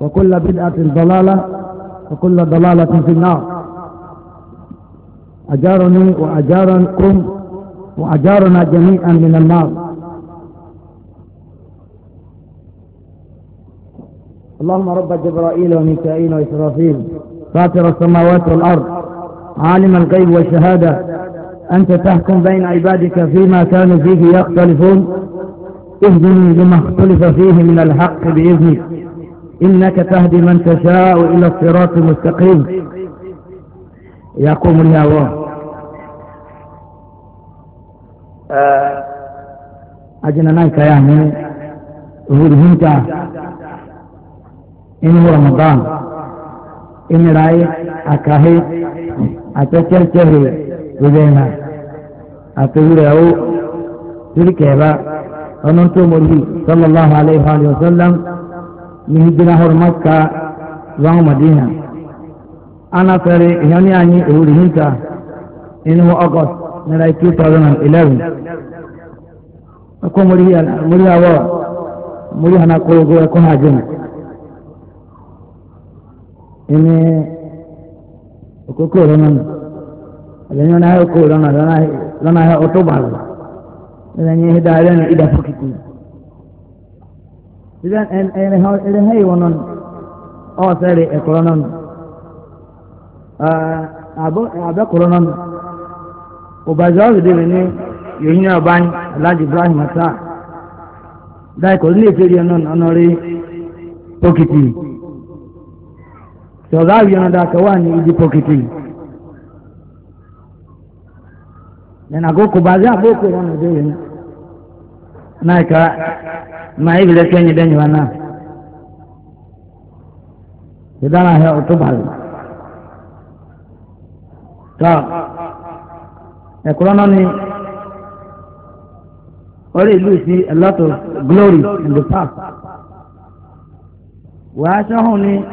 وكل بدعة ضلالة وكل ضلالة في النار أجارني وأجاركم وأجارنا جميعا من النار اللهم رب جبرائيل وميكائيل وإسرافيل فاطر السماوات والأرض عالم الغيب والشهادة أنت تحكم بين عبادك فيما كانوا فيه يختلفون اهدني لما اختلف فيه من الحق بإذنك إنك تهدي من تشاء إلى الصراط المستقيم يقوم الهوى آه. أجل نايك يعني وهدهنت إنه رمضان إن رأي أكاهي أتشل شهري وزينا أتقول أو تلك أبا أنتم صلى الله عليه وآله وسلم ni hijira hor makka zuwa madina ana fere yani anyi hinta in wa august na 2011 ko muriya muriya na ko go ko hajin okoko ko ko ranan alanya na ko ranan ranan ranan otobar ranan hidayah ni ida idan en en ha ele hay wonon o sare e koronon ah abo abo koronon o bajo de ni yoyin aban alhaji ibrahim ata dai ko le feri non onore pokiti so da yana da kawani idi pokiti nena go ko bajo aboko ron de ni naika ma ibile kenye denye wana idana ya utubal ta ekurana ni ori ilu si a lot of glory in the past wa asahun ni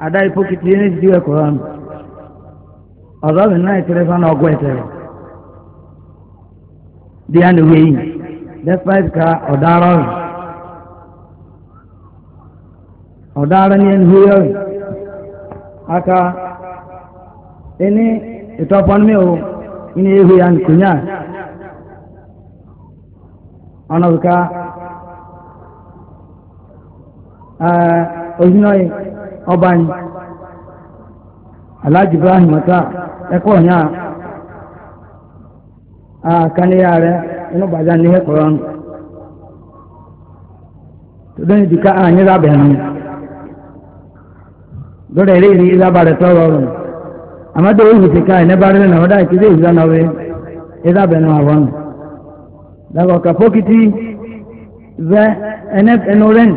ada ipokiti ni ti ekurana ọ̀rọ̀ mi náà ìtẹ̀rẹ̀ fún ọgọ́ ìtẹ̀rẹ̀ despite ka ọ̀daràn ọ̀daràn yẹn húyọ̀ aka ẹni ìtọ́pọ̀n mi ò ní ihu ya nkùnyà ọ̀nà òkà òyìnbó ọba alhaji ibrahim ọ̀tá ẹ̀kọ́ ọ̀nyà àkànníyà rẹ̀. inu baza ni he koron to den dika a ni rabe han do de ri ni za ba de to ro ama do ni dika ne ba de na wada ki de za na we e za be no awon da ka pokiti ze ene enoren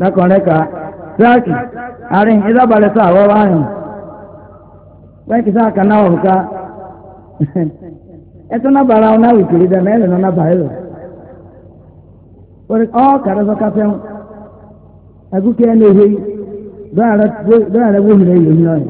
da ko ne ka zaki arin e za ba de wa han ka Ete náà bàrà ọ náà na kiri na mẹ́rin náà bàrà ẹ̀rọ ọ kàrẹ́ sọ káfẹ́ ń ẹkú kí ẹ náà ehe yìí dọ́ọ̀rẹ́ wọ́n